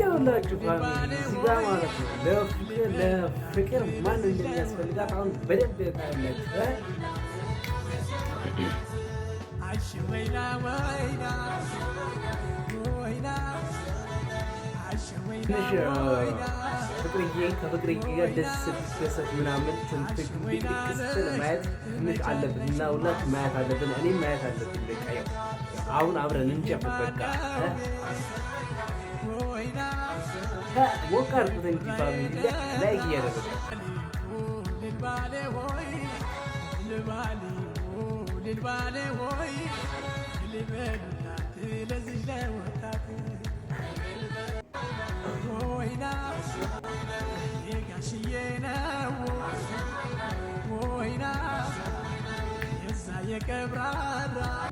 የሁላችሁ ፋሚሊ እዚህ ጋር ማለት ነው። ለፍቅር ለፍቅር ማን እንደሚያስፈልጋት አሁን በደንብ ታያላችሁ። ፍቅርዬ ከፍቅርዬ ጋር ደስ ስትደሰት ምናምን ትንትግ ስትል ማየት ትንሽ አለብን እና ሁላት ማየት አለብን፣ እኔም ማየት አለብን። በቃ አሁን አብረን እንጨፍ በቃ ሞቃ ርቁትን ፋሚሊ ላይክ እያደረገ ልባሌ ሆይ ልበሉላት ለዚህ ላይ ነው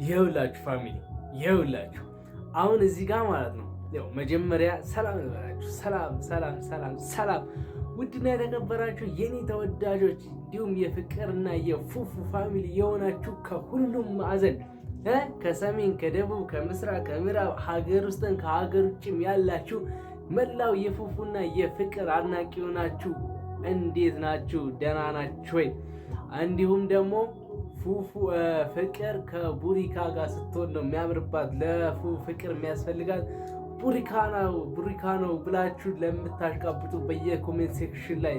ይኸውላችሁ ፋሚሊ ይኸውላችሁ አሁን እዚህ ጋር ማለት ነው ያው መጀመሪያ ሰላም ይበላችሁ። ሰላም ሰላም ሰላም ሰላም፣ ውድና የተከበራችሁ የኔ ተወዳጆች እንዲሁም የፍቅርና የፉፉ ፋሚሊ የሆናችሁ ከሁሉም ማዕዘን ከሰሜን፣ ከደቡብ፣ ከምስራቅ፣ ከምዕራብ ሀገር ውስጥን ከሀገር ውጭም ያላችሁ መላው የፉፉና የፍቅር አድናቂ ናችሁ። እንዴት ናችሁ? ደህና ናችሁ ወይ? እንዲሁም ደግሞ ፉፉ ፍቅር ከቡሪካ ጋር ስትሆን ነው የሚያምርባት። ለፉ ፍቅር የሚያስፈልጋት ቡሪካ ነው ቡሪካ ነው ብላችሁ ለምታሽቃብጡ በየኮሜንት ሴክሽን ላይ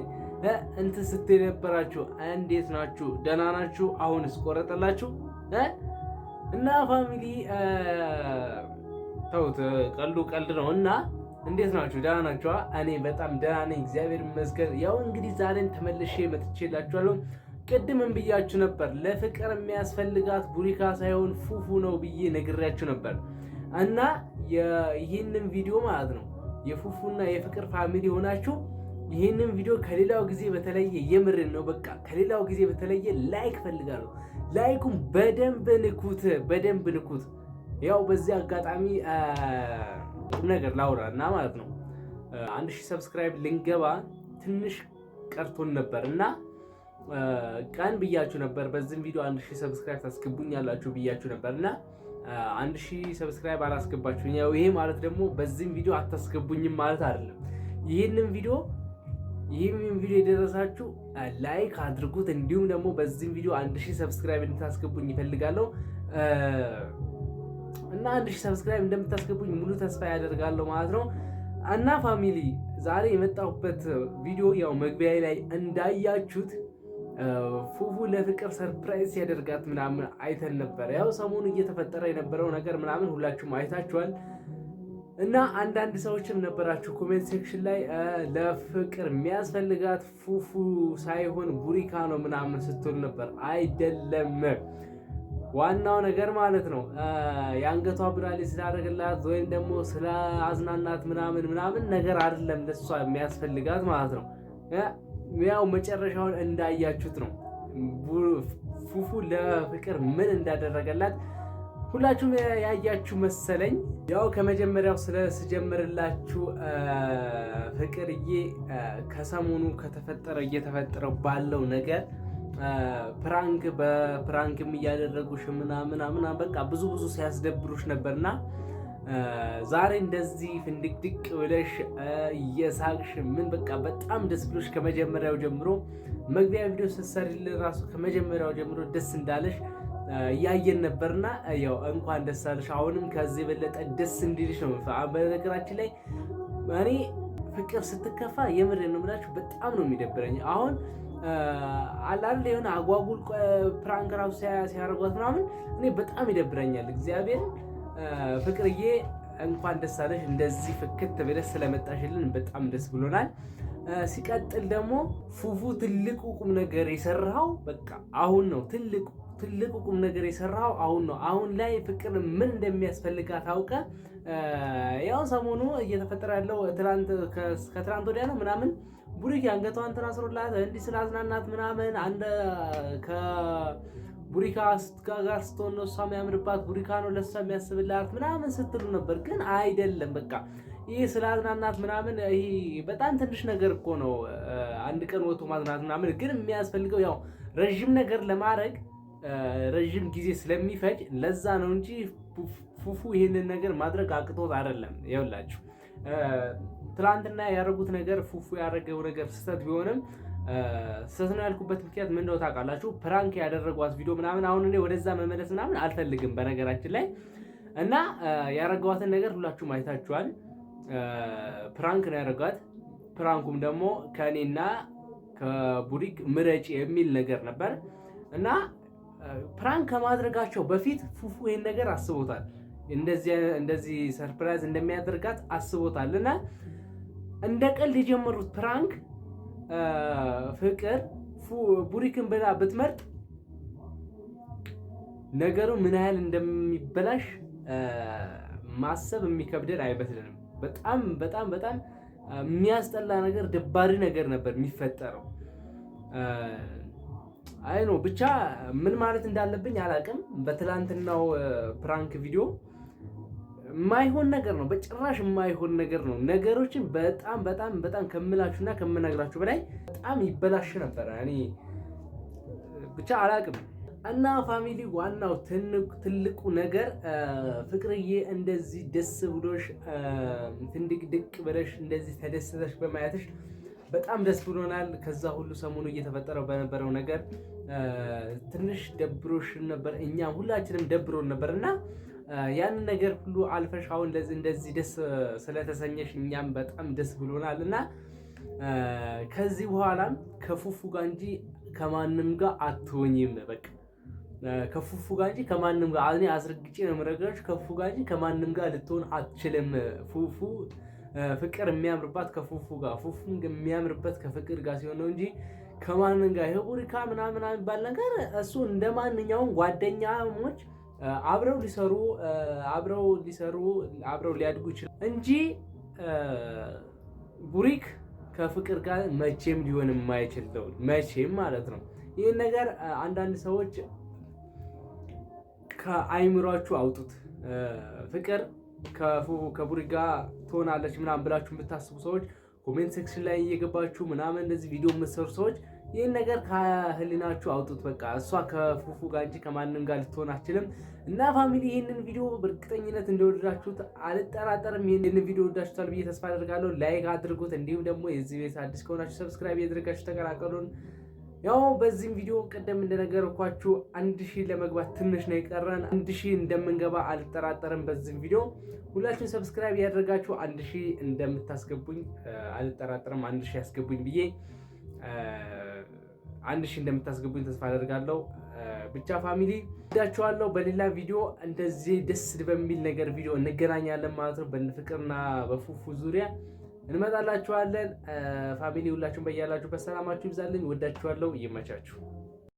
እንት ስት የነበራችሁ እንዴት ናችሁ? ደህና ናችሁ? አሁንስ ቆረጠላችሁ እና ፋሚሊ ተውት፣ ቀልዱ ቀልድ ነው እና እንዴት ናችሁ? ደህና ናችኋ? እኔ በጣም ደህና ነኝ፣ እግዚአብሔር ይመስገን። ያው እንግዲህ ዛሬን ተመልሼ መጥቼላችኋለሁ። ቅድምም ብያችሁ ነበር ለፍቅር የሚያስፈልጋት ቡሪካ ሳይሆን ፉፉ ነው ብዬ ነግሬያችሁ ነበር እና ይህንን ቪዲዮ ማለት ነው የፉፉና የፍቅር ፋሚሊ ሆናችሁ ይህንን ቪዲዮ ከሌላው ጊዜ በተለየ የምርን ነው በቃ ከሌላው ጊዜ በተለየ ላይክ ፈልጋለሁ። ላይኩም በደንብ ንኩት፣ በደንብ ንኩት። ያው በዚህ አጋጣሚ ነገር ላውራ እና ማለት ነው አንድ ሺህ ሰብስክራይብ ልንገባ ትንሽ ቀርቶን ነበር እና ቀን ብያችሁ ነበር። በዚህም ቪዲዮ አንድ ሺህ ሰብስክራይብ ታስገቡኛላችሁ ብያችሁ ነበር እና አንድ ሺህ ሰብስክራይብ አላስገባችሁኝ። ያው ይሄ ማለት ደግሞ በዚህም ቪዲዮ አታስገቡኝም ማለት አይደለም። ይህንም ቪዲዮ ይህም ቪዲዮ የደረሳችሁ ላይክ አድርጉት። እንዲሁም ደግሞ በዚህም ቪዲዮ አንድ ሺህ ሰብስክራይብ እንድታስገቡኝ ይፈልጋለሁ። እና አንድ ሺህ ሰብስክራይብ እንደምታስገቡኝ ሙሉ ተስፋ ያደርጋለሁ ማለት ነው። እና ፋሚሊ ዛሬ የመጣሁበት ቪዲዮ ያው መግቢያ ላይ እንዳያችሁት ፉፉ ለፍቅር ሰርፕራይዝ ያደርጋት ምናምን አይተን ነበረ። ያው ሰሞኑ እየተፈጠረ የነበረው ነገር ምናምን ሁላችሁም አይታችኋል። እና አንዳንድ ሰዎችም ነበራችሁ ኮሜንት ሴክሽን ላይ ለፍቅር የሚያስፈልጋት ፉፉ ሳይሆን ቡሪካ ነው ምናምን ስትል ነበር። አይደለም ዋናው ነገር ማለት ነው የአንገቷ ብራሌ ስላደረግላት ወይም ደግሞ ስለ አዝናናት ምናምን ምናምን ነገር አይደለም ለሷ የሚያስፈልጋት ማለት ነው። ያው መጨረሻውን እንዳያችሁት ነው ፉፉ ለፍቅር ምን እንዳደረገላት ሁላችሁም ያያችሁ መሰለኝ። ያው ከመጀመሪያው ስለስጀምርላችሁ ፍቅርዬ ከሰሞኑ ከተፈጠረው እየተፈጠረው ባለው ነገር ፕራንክ በፕራንክም እያደረጉሽ ምናምን ምናምን በቃ ብዙ ብዙ ሲያስደብሩሽ ነበርና ዛሬ እንደዚህ ፍንድቅድቅ ብለሽ እየሳቅሽ ምን በቃ በጣም ደስ ብሎሽ ከመጀመሪያው ጀምሮ መግቢያ ቪዲዮ ስትሰሪልን ራሱ ከመጀመሪያው ጀምሮ ደስ እንዳለሽ እያየን ነበርና ያው እንኳን ደስ አለሽ። አሁንም ከዚህ የበለጠ ደስ እንዲልሽ ነው። በነገራችን ላይ እኔ ፍቅር ስትከፋ የምር እንምላችሁ በጣም ነው የሚደብረኝ። አሁን አላል የሆነ አጓጉል ፕራንክ ራሱ ሲያደርጓት ምናምን እኔ በጣም ይደብረኛል። እግዚአብሔር ፍቅርዬ እንኳን ደስ አለሽ፣ እንደዚህ ፍክት ብለሽ ስለመጣሽልን በጣም ደስ ብሎናል። ሲቀጥል ደግሞ ፉፉ ትልቁ ቁም ነገር የሰራው በቃ አሁን ነው ትልቁ ትልቁ ቁም ነገር የሰራው አሁን ነው። አሁን ላይ ፍቅር ምን እንደሚያስፈልጋት አውቀ ያው ሰሞኑ እየተፈጠረ ያለው ከትላንት ወዲያ ነው ምናምን ቡሪክ አንገቷን ትራስሮላት እንዲህ ስላዝናናት ምናምን አንደ ከቡሪካ ጋር ስትሆን ነው እሷ የሚያምርባት ቡሪካ ነው ለእሷ የሚያስብላት ምናምን ስትሉ ነበር። ግን አይደለም በቃ ይህ ስላዝናናት ምናምን ይ በጣም ትንሽ ነገር እኮ ነው። አንድ ቀን ወቶ ማዝናት ምናምን ግን የሚያስፈልገው ያው ረዥም ነገር ለማድረግ ረዥም ጊዜ ስለሚፈጅ ለዛ ነው እንጂ ፉፉ ይህንን ነገር ማድረግ አቅቶት አይደለም። ይኸውላችሁ ትላንትና ያደረጉት ነገር ፉፉ ያደረገው ነገር ስህተት ቢሆንም ስህተት ነው ያልኩበት ምክንያት ምን ታውቃላችሁ? ፕራንክ ያደረጓት ቪዲዮ ምናምን አሁን እኔ ወደዛ መመለስ ምናምን አልፈልግም በነገራችን ላይ እና ያደረገዋትን ነገር ሁላችሁም አይታችኋል። ፕራንክ ነው ያደረጓት። ፕራንኩም ደግሞ ከእኔና ከቡሪክ ምረጭ የሚል ነገር ነበር እና ፕራንክ ከማድረጋቸው በፊት ፉፉ ይሄን ነገር አስቦታል። እንደዚህ ሰርፕራይዝ እንደሚያደርጋት አስቦታል እና እንደ ቀልድ የጀመሩት ፕራንክ ፍቅር ቡሪክን ብላ ብትመርጥ ነገሩ ምን ያህል እንደሚበላሽ ማሰብ የሚከብደን አይመስልንም። በጣም በጣም በጣም የሚያስጠላ ነገር፣ ደባሪ ነገር ነበር የሚፈጠረው። አይ ነው ብቻ ምን ማለት እንዳለብኝ አላቅም በትላንትናው ፕራንክ ቪዲዮ የማይሆን ነገር ነው፣ በጭራሽ የማይሆን ነገር ነው። ነገሮችን በጣም በጣም በጣም ከምላችሁና ከምነግራችሁ በላይ በጣም ይበላሽ ነበረ። እኔ ብቻ አላውቅም። እና ፋሚሊ ዋናው ትልቁ ነገር ፍቅርዬ እንደዚህ ደስ ብሎሽ ትንድቅ ድቅ ብለሽ እንደዚህ ተደስተሽ በማየትሽ በጣም ደስ ብሎናል። ከዛ ሁሉ ሰሞኑ እየተፈጠረው በነበረው ነገር ትንሽ ደብሮሽን ነበር፣ እኛ ሁላችንም ደብሮን ነበር እና ያንን ነገር ሁሉ አልፈሽ አሁን እንደዚህ ደስ ስለተሰኘሽ እኛም በጣም ደስ ብሎናል እና ከዚህ በኋላም ከፉፉ ጋር እንጂ ከማንም ጋር አትሆኝም። በቃ ከፉፉ ጋር እንጂ ከማንም ጋር እኔ አስረግጬ ነው የምነግርሽ። ከፉፉ ጋር እንጂ ከማንም ጋር ልትሆን አትችልም ፉፉ ፍቅር የሚያምርባት ከፉፉ ጋር ፉፉ የሚያምርበት ከፍቅር ጋር ሲሆን ነው እንጂ ከማንን ጋር ይሄ ቡሪካ ምናምን የሚባል ነገር እሱ እንደ ማንኛውም ጓደኛሞች አብረው ሊሰሩ አብረው ሊሰሩ አብረው ሊያድጉ ይችላል እንጂ ቡሪክ ከፍቅር ጋር መቼም ሊሆን የማይችል መቼም ማለት ነው። ይህን ነገር አንዳንድ ሰዎች ከአይምሯችሁ አውጡት። ፍቅር ከቡሪ ጋር ትሆናለች ምናምን ብላችሁ የምታስቡ ሰዎች ኮሜንት ሴክሽን ላይ እየገባችሁ ምናምን እንደዚህ ቪዲዮ የምትሰሩ ሰዎች ይህን ነገር ከህሊናችሁ አውጡት። በቃ እሷ ከፉፉ ጋር እንጂ ከማንም ጋር ልትሆን አችልም። እና ፋሚሊ ይህንን ቪዲዮ በእርግጠኝነት እንደወደዳችሁት አልጠራጠርም። ይህንን ቪዲዮ ወዳችሁታል ብዬ ተስፋ አደርጋለሁ። ላይክ አድርጉት። እንዲሁም ደግሞ የዚህ ቤት አዲስ ከሆናችሁ ሰብስክራይብ እያደረጋችሁ ተቀላቀሉን። ያው በዚህም ቪዲዮ ቀደም እንደነገርኳችሁ አንድ ሺህ ለመግባት ትንሽ ነው የቀረን። አንድ ሺህ እንደምንገባ አልጠራጠርም። በዚህም ቪዲዮ ሁላችሁም ሰብስክራይብ ያደርጋችሁ አንድ ሺህ እንደምታስገቡኝ አልጠራጠርም። አንድ ሺህ ያስገቡኝ ብዬ አንድ ሺህ እንደምታስገቡኝ ተስፋ አደርጋለሁ። ብቻ ፋሚሊ ወዳችኋለሁ። በሌላ ቪዲዮ እንደዚህ ደስ በሚል ነገር ቪዲዮ እንገናኛለን ማለት ነው በፍቅርና በፉፉ ዙሪያ እንመጣላችኋለን። ፋሚሊ ሁላችሁም በያላችሁ በሰላማችሁ ይብዛልኝ። ወዳችኋለሁ። እየመቻችሁ